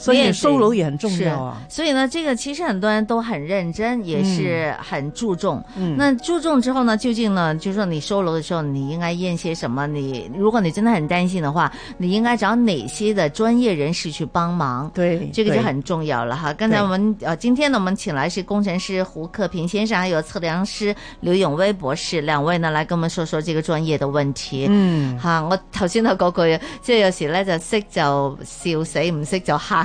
所以收樓也很重要啊！所以呢，這個其實很多人都很認真，也是很注重。嗯、那注重之後呢，究竟呢，就是、說你收樓的時候，你應該驗些什麼？你如果你真的很擔心的話，你應該找哪些的專業人士去幫忙？對，這個就很重要了哈。剛才我們呃、啊，今天呢，我們請來是工程師胡克平先生，還有測量師劉永威博士，兩位呢來跟我們說說這個專業的問題。嗯、哈、啊，我頭先都講過，即就有時呢，就識就笑死，唔識就吓。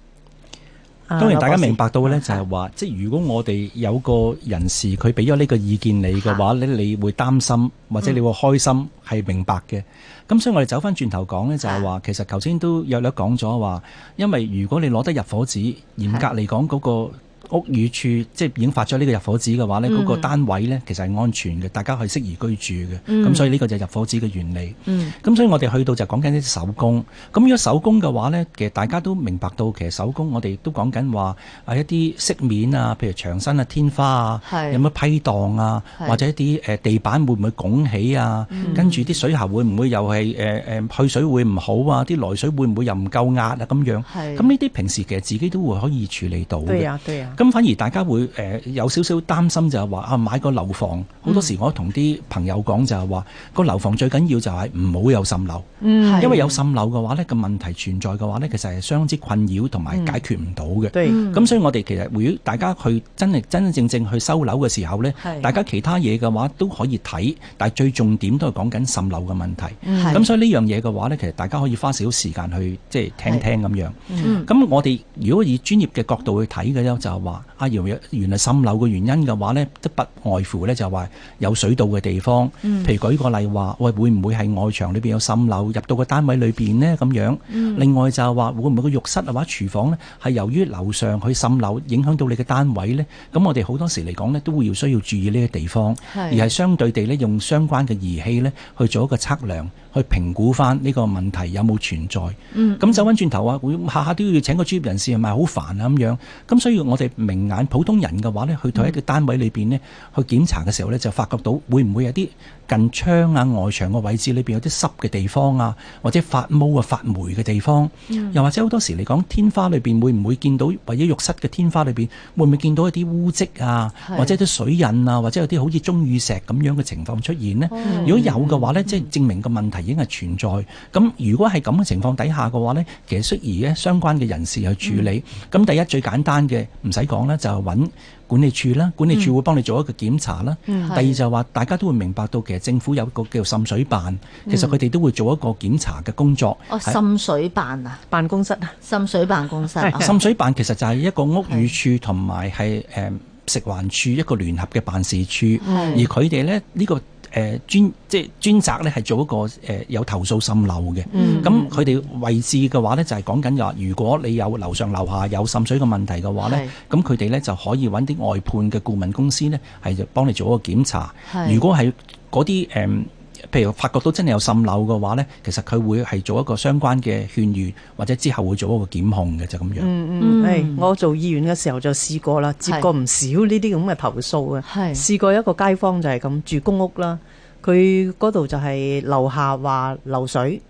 當然，大家明白到呢，就係話，即係如果我哋有個人士佢俾咗呢個意見你嘅話、啊、你，你會擔心，或者你會開心，係、嗯、明白嘅。咁所以我哋走翻轉頭講呢，就係話，其實頭先都有略講咗話，因為如果你攞得入伙紙，嚴格嚟講嗰個。啊嗯這個屋宇署即係已經發咗呢個入伙紙嘅話咧，嗰、嗯、那個單位咧，其實係安全嘅，大家係適宜居住嘅。咁、嗯、所以呢個就入伙紙嘅原理。咁、嗯、所以我哋去到就講緊啲手工。咁如果手工嘅話咧，其實大家都明白到，其實手工我哋都講緊話啊一啲飾面啊，譬如牆身啊、天花啊，有咩批盪啊，或者一啲、呃、地板會唔會拱起啊？嗯、跟住啲水喉會唔會又係、呃、去水會唔好啊？啲來水會唔會又唔夠壓啊？咁樣。咁呢啲平時其實自己都會可以處理到嘅。對啊對啊咁反而大家會誒有少少擔心，就係話啊買個樓房，好多時我同啲朋友講就係話個樓房最緊要就係唔好有滲漏，因為有滲漏嘅話咧，個問題存在嘅話咧，其實係相當之困擾同埋解決唔到嘅。對，咁所以我哋其實會大家去真係真真正正去收樓嘅時候咧，大家其他嘢嘅話都可以睇，但係最重點都係講緊滲漏嘅問題，嗯，咁所以呢樣嘢嘅話咧，其實大家可以花少少時間去即係聽聽咁樣，嗯，咁我哋如果以專業嘅角度去睇嘅咧，就係話。阿姚，原來滲漏嘅原因嘅話呢，都不外乎呢就係話有水道嘅地方，譬如舉個例話，喂會唔會係外牆裏面有滲漏入到個單位裏面呢，咁樣？另外就係話會唔會個浴室啊或廚房呢，係由於樓上去滲漏影響到你嘅單位呢。咁我哋好多時嚟講呢，都會要需要注意呢個地方，而係相對地呢，用相關嘅儀器呢去做一個測量。去評估翻呢個問題有冇存在，咁、嗯、走翻轉頭啊，會下下都要請個專業人士，係咪好煩啊，咁樣。咁所以我哋明眼普通人嘅話咧，去到一個單位裏面咧、嗯，去檢查嘅時候咧，就發覺到會唔會有啲？近窗啊、外牆個位置裏邊有啲濕嘅地方啊，或者發毛啊、發霉嘅地方、嗯，又或者好多時嚟講天花裏邊會唔會見到，或者浴室嘅天花裏邊會唔會見到一啲污跡啊，或者啲水印啊，或者有啲好似鐘乳石咁樣嘅情況出現呢？嗯、如果有嘅話呢，即、嗯、係、就是、證明個問題已經係存在。咁如果係咁嘅情況底下嘅話呢，其實適宜呢相關嘅人士去處理。咁、嗯、第一最簡單嘅唔使講呢，就揾、是。管理處啦，管理處會幫你做一個檢查啦、嗯。第二就係話，大家都會明白到其實政府有一個叫滲水辦，嗯、其實佢哋都會做一個檢查嘅工作。哦，滲水辦啊，辦公室啊，滲水辦公室。哦、滲水辦其實就係一個屋宇署同埋係誒食環署一個聯合嘅辦事處，而佢哋咧呢、呢個。誒專即係專責咧，係做一個誒、呃、有投訴滲漏嘅。咁佢哋位置嘅話咧，就係、是、講緊話，如果你有樓上樓下有滲水嘅問題嘅話咧，咁佢哋咧就可以揾啲外判嘅顧問公司咧，係幫你做一個檢查。如果係嗰啲誒。嗯譬如發覺到真係有滲漏嘅話咧，其實佢會係做一個相關嘅勸喻，或者之後會做一個檢控嘅就咁樣。嗯嗯，係、哎，我做醫院嘅時候就試過啦，接過唔少呢啲咁嘅投訴嘅。係，試過一個街坊就係咁，住公屋啦，佢嗰度就係樓下話漏水。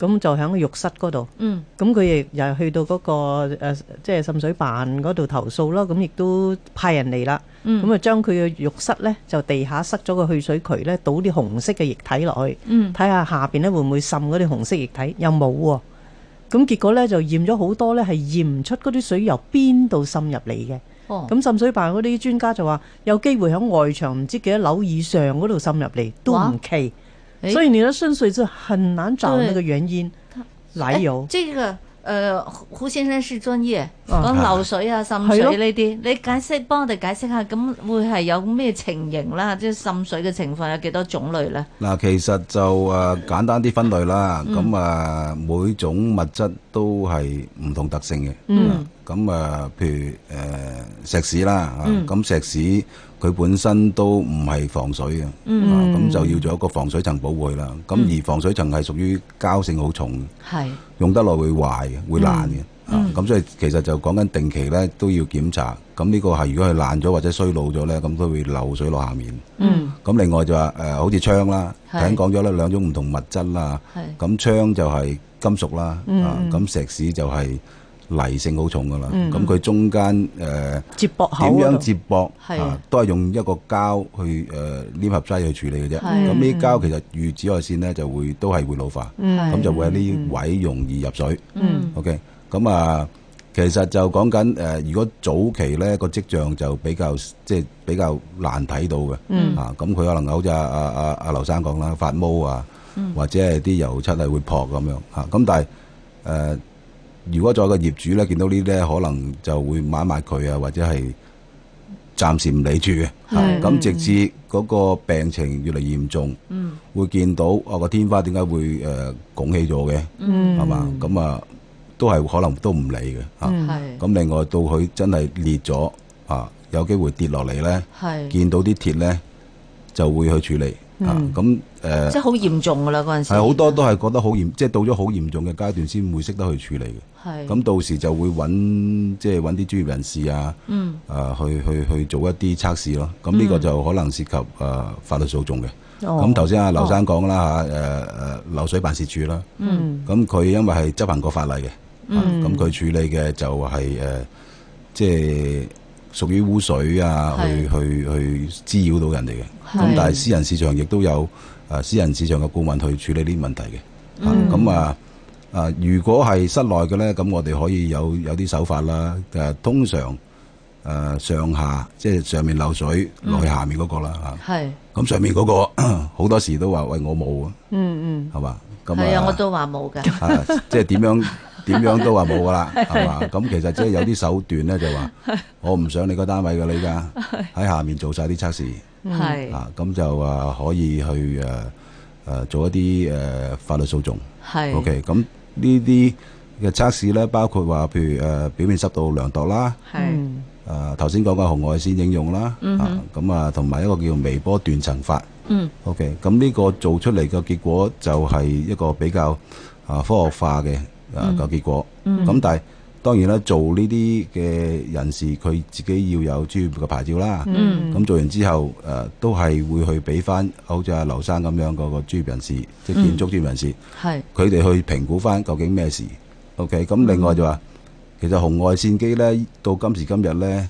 咁就喺浴室嗰度，咁佢亦又去到嗰、嗰個誒，即係滲水辦嗰度投訴咯。咁亦都派人嚟啦，咁啊將佢嘅浴室呢，就地下塞咗個去水渠呢，倒啲紅色嘅液體落去，睇、嗯、下下邊呢會唔會滲嗰啲紅色液體？又冇喎，咁結果呢，就驗咗好多呢，係驗唔出嗰啲水由邊度滲入嚟嘅。咁、哦、滲水辦嗰啲專家就話，有機會喺外牆唔知幾多樓以上嗰度滲入嚟，都唔奇。所以你的滲水就很難找那個原因來由，欸，這個，誒、呃，胡胡先生是專業講、啊、流水啊，滲、啊、水呢啲，你解釋幫、啊、我哋解釋下，咁會係有咩情形啦？即係滲水嘅情況有幾多種類咧？嗱，其實就誒簡單啲分類啦，咁啊每種物質都係唔同特性嘅。嗯，咁啊，譬如誒石屎啦，咁石屎。佢本身都唔係防水嘅，咁、嗯啊、就要做一個防水層保護佢啦。咁而防水層係屬於膠性好重嘅、嗯，用得耐會壞嘅，會爛嘅。咁、嗯嗯啊、所以其實就講緊定期咧都要檢查。咁呢個係如果係爛咗或者衰老咗咧，咁佢會漏水落下面。咁、嗯啊、另外就話、是、誒、呃，好似窗啦，頭先講咗啦，兩種唔同物質啦。咁窗就係金屬啦，咁石屎就係、是，泥性好重噶啦，咁、嗯、佢中間誒、呃、接駁口點樣接駁啊？是啊，都係用一個膠去誒黏、呃、合劑去處理嘅啫。咁呢啲膠其實遇紫外線咧就會都係會老化，咁、啊、就會有啲位容易入水。啊嗯、OK，咁啊，其實就講緊誒，如果早期咧、那個跡象就比較即係、就是、比較難睇到嘅、嗯。啊，咁佢可能好似阿阿阿阿劉生講啦，發毛啊，嗯、或者係啲油漆係會破咁樣啊。咁但係誒。呃如果再個業主咧見到呢啲，可能就會買埋買佢啊，或者係暫時唔理住嘅。咁直至嗰個病情越嚟嚴重，嗯、會見到哦個天花點解會誒、呃、拱起咗嘅，係、嗯、嘛？咁啊都係可能都唔理嘅。咁、嗯、另外到佢真係裂咗啊，有機會跌落嚟咧，見到啲鐵咧就會去處理。咁、嗯、誒、啊、呃，即係好嚴重噶啦嗰陣時，好多都係覺得好嚴，即係到咗好嚴重嘅、就是、階段先會識得去處理嘅。係，咁到時就會揾即係揾啲專業人士啊，嗯，啊，去去去做一啲測試咯。咁呢個就可能涉及誒、啊、法律訴訟嘅。咁頭先阿劉生講啦嚇，誒、啊、誒、哦啊、流水辦事處啦，咁、嗯、佢因為係執行過法例嘅，咁、嗯、佢、啊、處理嘅就係、是、誒、啊，即係。屬於污水啊，去去去，去滋擾到人哋嘅。咁但係私人市場亦都有啊，私人市場嘅顧問去處理呢啲問題嘅。咁、嗯、啊啊，如果係室內嘅咧，咁我哋可以有有啲手法啦。誒、啊，通常誒、啊、上下即係、即係、上面漏水落去下面嗰個啦嚇。係、嗯。咁、啊、上面嗰、嗰個好多時都話：喂，我冇啊。嗯嗯。係嘛？咁啊。係啊，我都話冇㗎。啊，即係點樣？ 點樣都話冇噶啦，係嘛？咁其實即係有啲手段咧，就話我唔想你個單位噶啦，依家喺下面做曬啲測試，係啊。咁就話可以去誒誒做一啲誒法律訴訟，係 O K。咁呢啲嘅測試咧，包括話譬如誒表面濕度量度啦，係誒頭先講嘅紅外線應用啦，啊咁啊同埋一個叫微波斷層法，嗯 O K。咁呢個做出嚟嘅結果就係一個比較啊科學化嘅。啊，個結果，咁、嗯嗯、但係當然啦，做呢啲嘅人士佢自己要有專業嘅牌照啦。咁、嗯、做完之後，誒、呃、都係會去俾翻，好似阿、啊、劉生咁樣個專業人士，嗯、即係建築專業人士，係佢哋去評估翻究竟咩事。OK，咁另外就話、是嗯，其實紅外線機呢，到今時今日呢，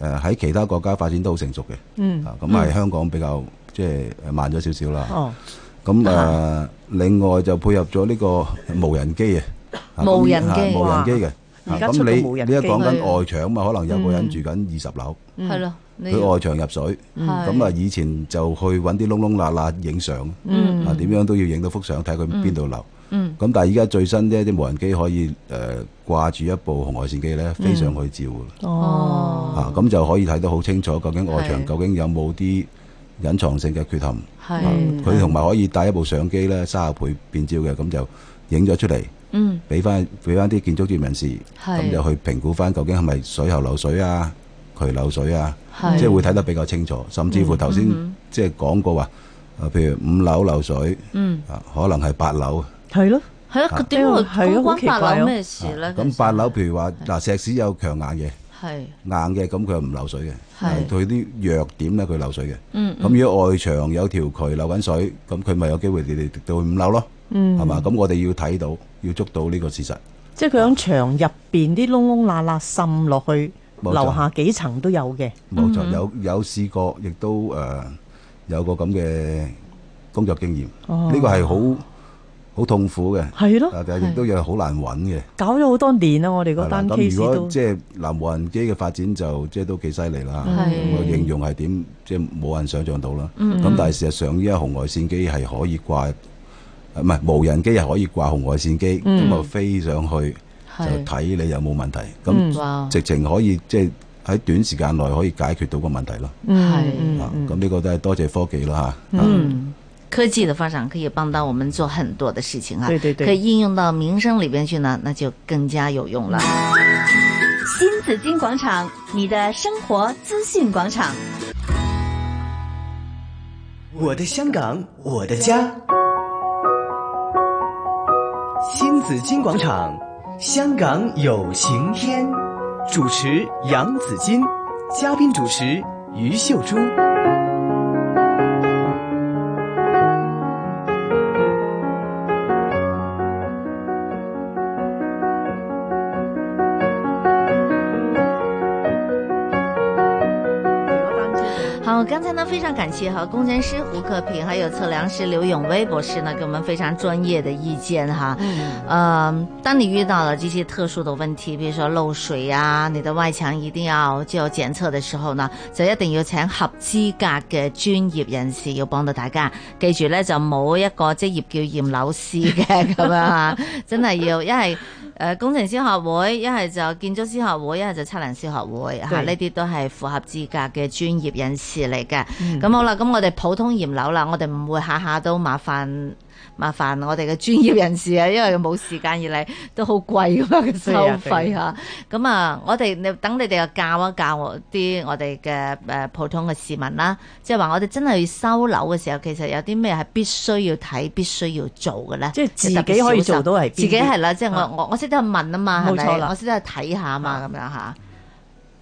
誒、呃、喺其他國家發展都好成熟嘅、嗯。啊，咁係香港比較、嗯、即係慢咗少少啦。咁、哦、誒、啊啊啊，另外就配合咗呢個無人機啊。無人機嘅，咁你你而家講緊外牆嘛？可能有個人住緊二十樓，係、嗯、咯，佢外牆入水，咁啊、嗯，以前就去揾啲窿窿罅罅影相，啊、嗯，點樣都要影到幅相睇佢邊度漏，咁、嗯嗯、但係而家最新呢啲無人機可以誒掛住一部紅外線機咧飛上去照，嗯哦、啊，咁就可以睇得好清楚究竟外牆究竟有冇啲隱藏性嘅缺陷，佢同埋可以帶一部相機咧三十倍變焦嘅，咁就影咗出嚟。嗯，俾翻俾翻啲建築業人士咁就去評估翻，究竟係咪水喉漏水啊、渠漏水啊，即係會睇得比較清楚。甚至乎頭先即係講過話、嗯嗯，譬如五樓漏水、嗯，可能係八樓，係咯，係啊，點會高關八樓咩事咧？咁、啊、八樓譬如話嗱，石屎、啊、有強硬嘅，硬嘅咁佢又唔漏水嘅，係佢啲弱點咧，佢漏水嘅。咁、嗯、如果外牆有一條渠流緊水，咁佢咪有機會跌跌跌到去五樓咯？嗯，係嘛？咁我哋要睇到。要捉到呢個事實，即係佢喺牆入邊啲窿窿罅罅滲落去，樓下幾層都有嘅。冇錯，有有試過，亦都誒、呃、有個咁嘅工作經驗。呢、哦呢個係好好痛苦嘅，係咯，亦都有好難揾嘅。搞咗好多年啦，我哋嗰單 case 都如果即係攔無人機嘅發展就，就即、是、係都幾犀利啦。我、那個、形容係點，即係冇人想像到啦。咁、嗯嗯、但係事實上，依家紅外線機係可以掛。唔係，無人機又可以掛紅外線機咁啊，嗯、飛上去就睇你有冇問題，咁、嗯、直情可以、哦、即係喺短時間內可以解決到個問題咯。係，咁、啊、呢、嗯嗯啊、個都係多謝科技啦嚇。嗯，啊、科技嘅發展可以幫到我們做很多嘅事情嚇、啊，對對對，可以應用到民生裏邊去呢，那就更加有用了。新、啊、紫金廣場，你的生活資訊廣場。我的香港，這個、我的家。這個親子金廣場，香港有晴天，主持楊子金，嘉賓主持余秀珠。剛才呢，非常感謝哈工程師胡克平，還有測量師劉永威博士呢，給我們非常專業的意見哈。嗯、呃。當你遇到了這些特殊的問題，比如說漏水呀、啊，你的外牆一定要就檢測的時候呢，就一定要請合資格嘅專業人士要幫到大家。記住呢，就冇一個職業叫驗樓師嘅咁 樣啊，真係要，因為。誒、呃、工程師學會，一係就建築師學會，一係就測量師學會嚇，呢啲、啊、都係符合資格嘅專業人士嚟嘅。咁、嗯、好啦，咁我哋普通驗樓啦，我哋唔會下下都麻煩麻煩我哋嘅專業人士 啊，因為冇時間而嚟，都好貴噶嘛，收費吓。咁啊，我哋你等你哋教一教一我啲我哋嘅誒普通嘅市民啦。即係話我哋真係要收樓嘅時候，其實有啲咩係必須要睇、必須要做嘅咧？即係自己可以做到必，係自己係啦。即、就、係、是、我、啊、我我識得去問啊嘛，係咪、啊？我識得去睇下啊嘛，咁、啊、樣吓。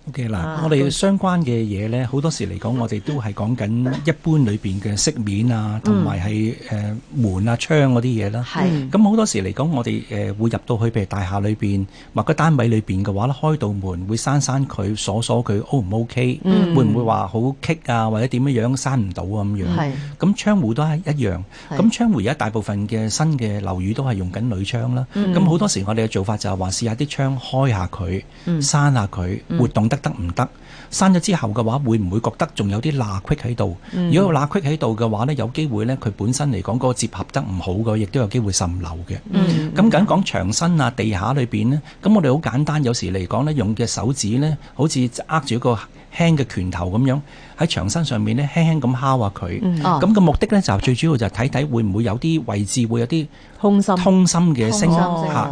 O.K. 嗱、啊，我哋相關嘅嘢咧，好多時嚟講，嗯、我哋都係講緊一般裏邊嘅飾面啊，同埋係誒門啊、窗嗰啲嘢啦。係。咁好多時嚟講，我哋誒、呃、會入到去，譬如大廈裏邊或個單位裏邊嘅話咧，開道門會閂閂佢鎖鎖佢 O 唔 O.K.？嗯。會唔會話好棘啊？或者點樣樣閂唔到啊？咁樣。係。咁窗戶都係一樣。係。咁窗戶而家大部分嘅新嘅樓宇都係用緊鋁窗啦。咁、嗯、好多時我哋嘅做法就係話試下啲窗開下佢，閂下佢，活動。得唔得？刪咗之後嘅話，會唔會覺得仲有啲罅隙喺度？如果有罅隙喺度嘅話呢，有機會呢，佢本身嚟講嗰個接合得唔好嘅，亦都有機會滲漏嘅。咁、嗯、緊講牆身啊，地下裏邊呢，咁我哋好簡單，有時嚟講呢，用嘅手指呢，好似握住一個輕嘅拳頭咁樣。喺牆身上面咧，輕輕咁敲下佢，咁、嗯、個、啊、目的咧就係最主要就睇睇會唔會有啲位置會有啲通心通心嘅聲嚇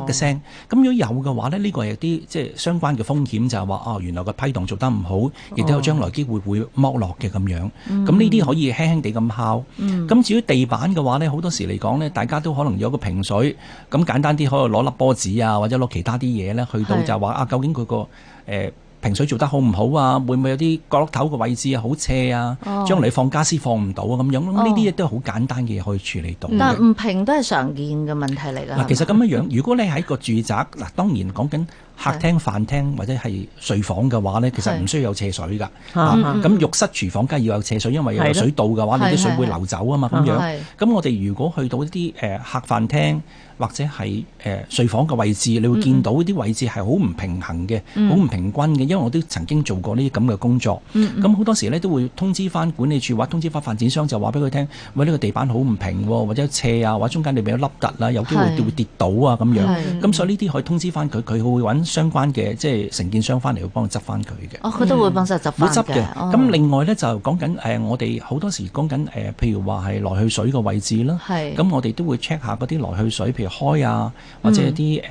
嘅聲。咁如果有嘅話咧，呢、這個有啲即係相關嘅風險就係、是、話哦，原來個批盪做得唔好，亦、哦、都有將來機會會剝落嘅咁樣。咁呢啲可以輕輕地咁敲。咁、嗯、至於地板嘅話咧，好、嗯、多時嚟講咧，大家都可能有一個平水，咁簡單啲可以攞粒波子啊，或者攞其他啲嘢咧去到就係話啊，究竟佢個誒？呃平水做得好唔好啊？會唔會有啲角落頭嘅位置啊好斜啊？Oh. 將嚟你放傢俬放唔到啊，咁樣，咁呢啲嘢都係好簡單嘅嘢可以處理到。但係唔平都係常見嘅問題嚟㗎。嗱，其實咁樣、嗯、如果你喺個住宅嗱，當然講緊。客廳、飯廳或者係睡房嘅話呢，其實唔需要有斜水㗎。咁、啊嗯嗯、浴室、廚房梗係要有斜水，因為有水道嘅話，的你啲水會流走啊嘛。咁樣，咁我哋如果去到一啲誒、呃、客飯廳、嗯、或者係誒、呃、睡房嘅位置，你會見到啲位置係好唔平衡嘅，好、嗯、唔、嗯、平均嘅。因為我都曾經做過呢啲咁嘅工作，咁、嗯、好、嗯、多時呢，都會通知翻管理處，或通知翻發展商，就話俾佢聽，喂，呢、這個地板好唔平喎，或者斜啊，或者中間裡面有凹凸啦，有機會會跌倒啊咁樣。咁所以呢啲可以通知翻佢，佢會揾。相關嘅即係承建商翻嚟會幫佢執翻佢嘅，哦，佢都會幫手執翻會執嘅。咁、嗯哦、另外咧就講緊、呃、我哋好多時講緊、呃、譬如話係來去水嘅位置啦，咁我哋都會 check 下嗰啲來去水，譬如開啊，或者一啲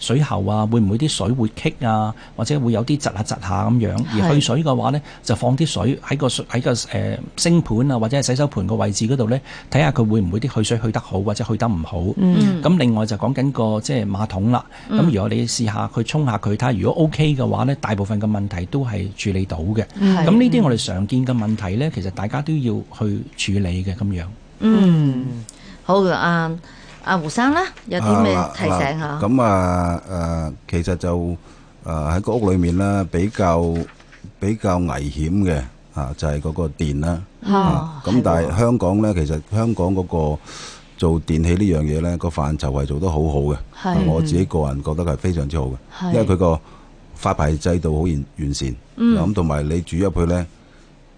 水喉啊，會唔會啲水會棘啊？或者會有啲窒下窒下咁樣？而去水嘅話呢，就放啲水喺個喺個誒星、呃、盤啊，或者係洗手盤個位置嗰度呢，睇下佢會唔會啲去水去得好，或者去得唔好。嗯，咁另外就講緊、嗰個即係馬桶啦。咁、嗯、如果你試下去沖下佢，睇下如果 OK 嘅話呢，大部分嘅問題都係處理到嘅。咁呢啲我哋常見嘅問題呢，其實大家都要去處理嘅咁樣。嗯，好嘅啱、啊。阿胡生咧，有啲咩提醒吓？咁啊，誒、啊啊，其實就誒喺個屋裏面咧，比較比較危險嘅啊，就係嗰個電啦。哦。咁但係香港咧，其實香港嗰個做電器呢樣嘢咧，個範疇係做得好好嘅。係。我自己個人覺得係非常之好嘅，因為佢個發牌制度好完完善。咁同埋你住入去咧，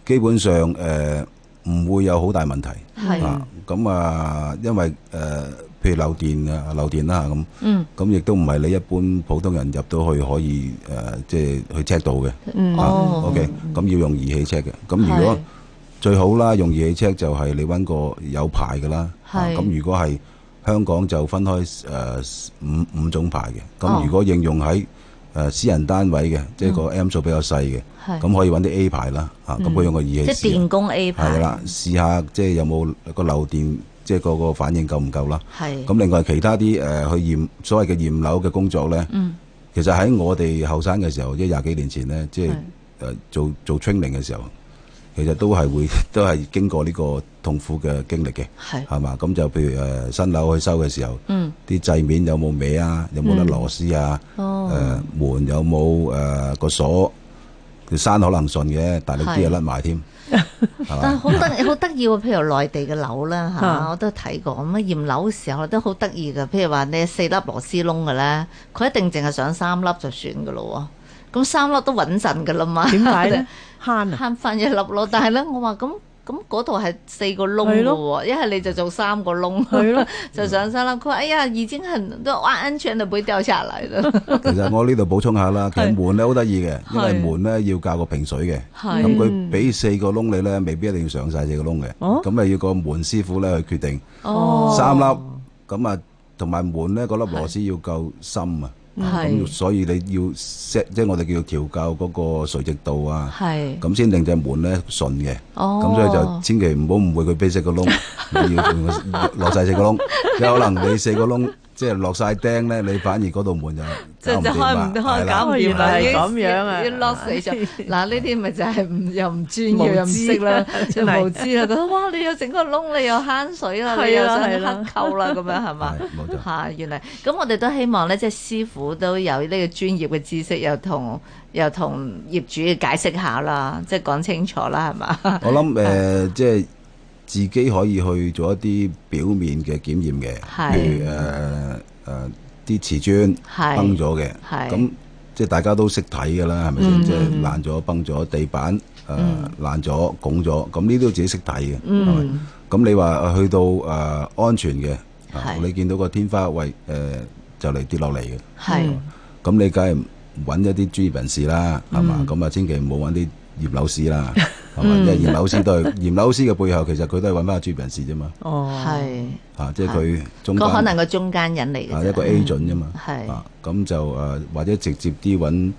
基本上誒。呃唔會有好大問題，啊咁是啊，因為誒、呃，譬如漏電，電啊，漏電啦咁，咁亦都唔係你一般普通人入到去可以誒，即、呃、係去 check 到嘅。OK，咁要用儀器 check 嘅。咁如果是最好啦，用儀器 check 就係你揾個有牌嘅啦。咁是、啊，如果係香港就分開誒、呃、五五種牌嘅。咁如果應用喺誒、呃、私人單位嘅，即係個 amp 數比較細嘅，咁、嗯、可以搵啲 A 牌啦，嚇、嗯，咁、啊、可以用個儀器、嗯、即係電工 A 牌。係啦，試下即係有冇個漏電，即係個個反應夠唔夠啦。咁另外其他啲誒、呃、去驗所謂嘅驗樓嘅工作咧、嗯，其實喺我哋後生嘅時候，即係廿幾年前咧，即係、呃、做做清零嘅時候。其實都係會，都係經過呢個痛苦嘅經歷嘅，係係嘛？咁就譬如誒新樓去收嘅時候，嗯，啲製面有冇歪啊？有冇粒螺絲啊？哦，誒門有冇誒個鎖？佢閂可能順嘅，但係啲嘢甩埋添，係嘛？好得好得意喎！譬如內地嘅樓啦嚇，我都睇過咁啊，驗樓嘅時候我都好得意㗎。譬如話你四粒螺絲窿嘅咧，佢一定淨係上三粒就算㗎咯喎。咁三粒都穩陣噶啦嘛，點解咧？慳啊慳翻一粒咯，但係咧我話咁咁嗰度係四個窿嘅喎，一係你就做三個窿去咯，就上三粒。佢話哎呀，已經很都安安全地唔會掉下嚟啦。其實我呢度補充下啦，其實門咧好得意嘅，因為門咧要較個平水嘅，咁佢俾四個窿你咧，未必一定要上晒四個窿嘅，咁啊要個門師傅咧去決定。哦，三粒咁啊，同埋門咧嗰粒螺絲要夠深啊。嗯、所以你要 set，即係我哋叫做調校嗰個垂直度啊，咁先令隻門咧順嘅。咁、哦、所以就千祈唔好誤會佢啤蝕個窿， 你要落晒四個窿，有 可能你四個窿。即係落晒釘咧，你反而嗰度門又就即係開唔開？搞原來係咁樣啊！一落死咗。嗱，呢啲咪就係唔又唔專業知又唔識啦，即係無知啦！哇，你又整個窿，你又慳水啦，你又想黑溝啦，咁樣係嘛？冇錯。嚇，原嚟咁我哋都希望咧，即係師傅都有呢個專業嘅知識，又同又同業主解釋一下啦，即係講清楚啦，係嘛？我諗、呃、即係。自己可以去做一啲表面嘅檢驗嘅，譬如誒誒啲瓷磚崩咗嘅，咁即係大家都識睇㗎啦，係咪先？即、嗯、係、就係、爛咗、崩咗、地板誒、呃嗯、爛咗、拱咗，咁呢啲都自己識睇嘅。咁、嗯、你話去到誒、呃、安全嘅，你、啊、見到個天花位誒、呃、就嚟跌落嚟嘅，咁、啊、你梗係揾一啲專業人士啦，係、嗯、嘛？咁啊千祈唔好揾啲業樓士啦。 係咪？即係驗樓師都係驗樓師嘅背後，其實佢都係揾翻個專業人士啫嘛。哦，係。吓，即係佢中間，個可能個中間人嚟嘅。吓，一個 agent 啫嘛。係。啊，咁就誒，或者直接啲揾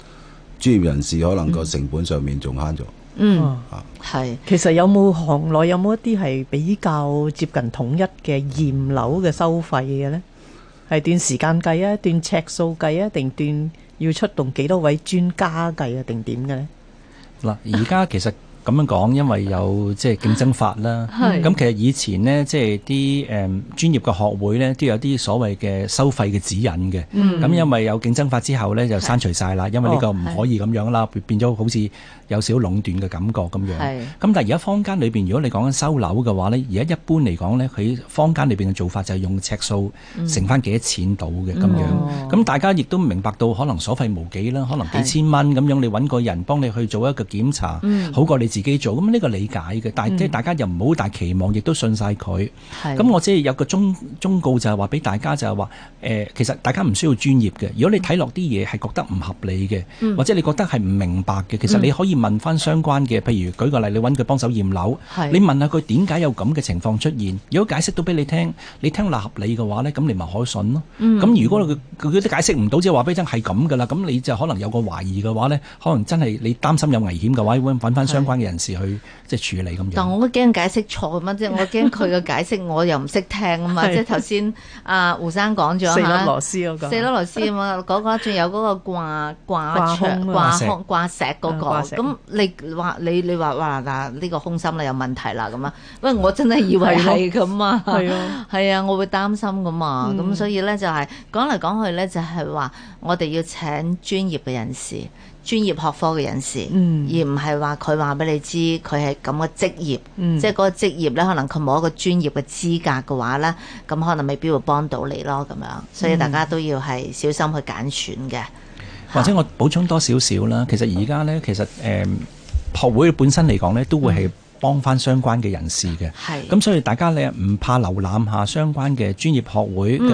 專業人士，可能個成本上面仲慳咗。嗯。啊，係。其實有冇行內有冇一啲係比較接近統一嘅驗樓嘅收費嘅咧？係段時間計啊，段尺數計啊，定段要出動幾多位專家計啊，定點嘅咧？嗱，而家其實，咁樣講，因為有即係競爭法啦。咁、嗯、其實以前呢，即係啲誒專業嘅學會呢，都有啲所謂嘅收費嘅指引嘅。咁、嗯、因為有競爭法之後呢，就刪除晒啦。因為呢個唔可以咁樣啦、哦，變咗好似有少少壟斷嘅感覺咁樣。咁但係而家坊間裏面，如果你講緊收樓嘅話呢，而家一般嚟講呢，佢坊間裏面嘅做法就係用尺數乘翻幾多錢到嘅咁樣。咁、嗯哦、大家亦都明白到可能所費無幾啦，可能幾千蚊咁樣，你揾個人幫你去做一個檢查，嗯、好過你。自己做咁呢、這個理解嘅，但係即係大家又唔好大期望，亦、嗯、都信晒佢。咁我即係有個忠忠告就係話俾大家就係話，誒、呃、其實大家唔需要專業嘅。如果你睇落啲嘢係覺得唔合理嘅、嗯，或者你覺得係唔明白嘅，其實你可以問翻相關嘅，譬如舉個例子，你揾佢幫手驗樓，你問下佢點解有咁嘅情況出現。如果解釋到俾你聽，你聽落合理嘅話呢，咁你咪可信咯。咁、嗯、如果佢都解釋唔到，即係話俾真係咁㗎啦，咁你就可能有個懷疑嘅話呢，可能真係你擔心有危險嘅話，揾揾翻相關嘅。人士去即係處理咁樣，但我驚解釋錯咁啊！即係我驚佢嘅解釋，我又唔識聽啊嘛！即係頭先阿胡生講咗四螺絲四講，螺絲嘛，個仲有嗰個掛掛空掛掛石嗰、嗰個，咁你話你你話話嗱呢個空心啦有問題啦咁啊！喂， 我真係以為係咁 啊，係啊，我會擔心噶嘛，咁、嗯、所以咧就係講嚟講去咧就係話我哋要請專業嘅人士。專業學科嘅人士，嗯，而唔係話佢話俾你知佢係咁嘅職業，嗯、即係嗰個職業呢，可能佢冇一個專業嘅資格嘅話呢，咁可能未必會幫到你咯。咁樣，所以大家都要係小心去揀選嘅。或者我補充多少少啦，其實而家呢，其實誒、呃、學會本身嚟講呢，都會係，嗯幫翻相關嘅人士嘅，咁所以大家你唔怕瀏覽下相關嘅專業學會嘅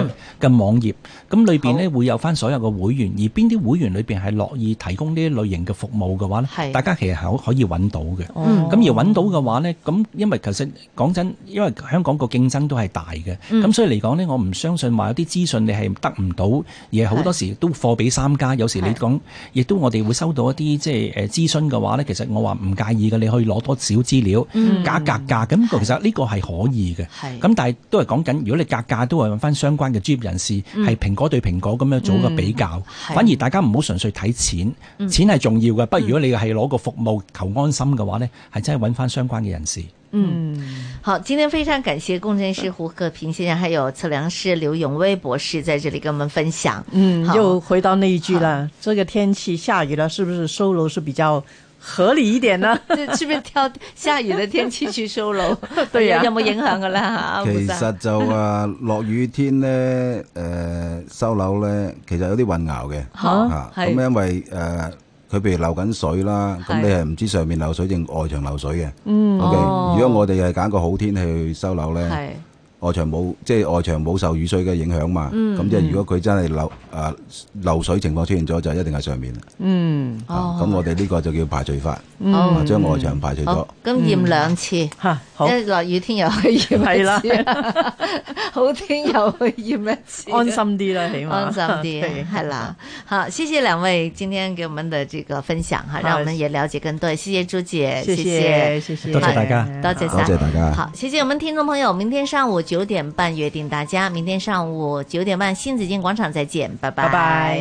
網、嗯、網頁，咁裏面呢會有翻所有嘅會員，而邊啲會員裏面係樂意提供呢一類型嘅服務嘅話呢，大家其實可可以揾到嘅。咁、哦、而揾到嘅話呢，咁因為其實講真，因為香港個競爭都係大嘅，咁、嗯、所以嚟講呢，我唔相信話有啲資訊你係得唔到，而好多時都貨比三家。有時你講，亦都我哋會收到一啲即係誒諮詢嘅話呢，其實我話唔介意嘅，你可以攞多少資料。價、嗯、格價咁、那個、其實呢個係可以嘅，咁但係都係講緊，如果你價格，格都係揾翻相關嘅專業人士，係蘋果對蘋果咁樣做一個比較，嗯、反而大家唔好純粹睇錢，嗯、錢係重要嘅。不、嗯、如如果你係攞個服務求安心嘅話呢係真係揾翻相關嘅人士。嗯，好，今天非常感謝工程師胡克平先生，還有測量師劉永威博士在這裏跟我們分享。嗯，又回到呢一句啦，這個天氣下雨了，是不是收樓是比較？合理一點啦，出面挑下雨的天氣去收樓， 對啊，有冇影響噶啦？吓，其實就話，落雨天咧，誒、呃，收樓咧，其實有啲混淆嘅吓，咁、啊啊、因為誒，佢、呃、譬如流緊水啦，咁你係唔知上面流水定外牆流水嘅。嗯、okay？哦，如果我哋係揀個好天氣去收樓咧。外牆冇即係外牆冇受雨水嘅影響嘛，咁、嗯、即係如果佢真係漏誒漏水情況出現咗，就一定係上面。嗯，咁、啊哦嗯、我哋呢個就叫排除法，將、嗯、外牆排除咗。咁、哦、驗兩次，即、嗯、一落雨天又去驗一次，好 天又去驗一次， 安心啲啦，起碼安心啲，係 啦。好，謝謝兩位今天給我們的這個分享，嚇，讓我們也了解更多。謝謝朱姐，謝謝，謝謝，謝謝，多謝大家，多謝大家，多謝大家。好，謝謝我們聽眾朋友，明天上午，九點半約定大家，明天上午九點半，新紫荊廣場再見，拜拜。拜拜。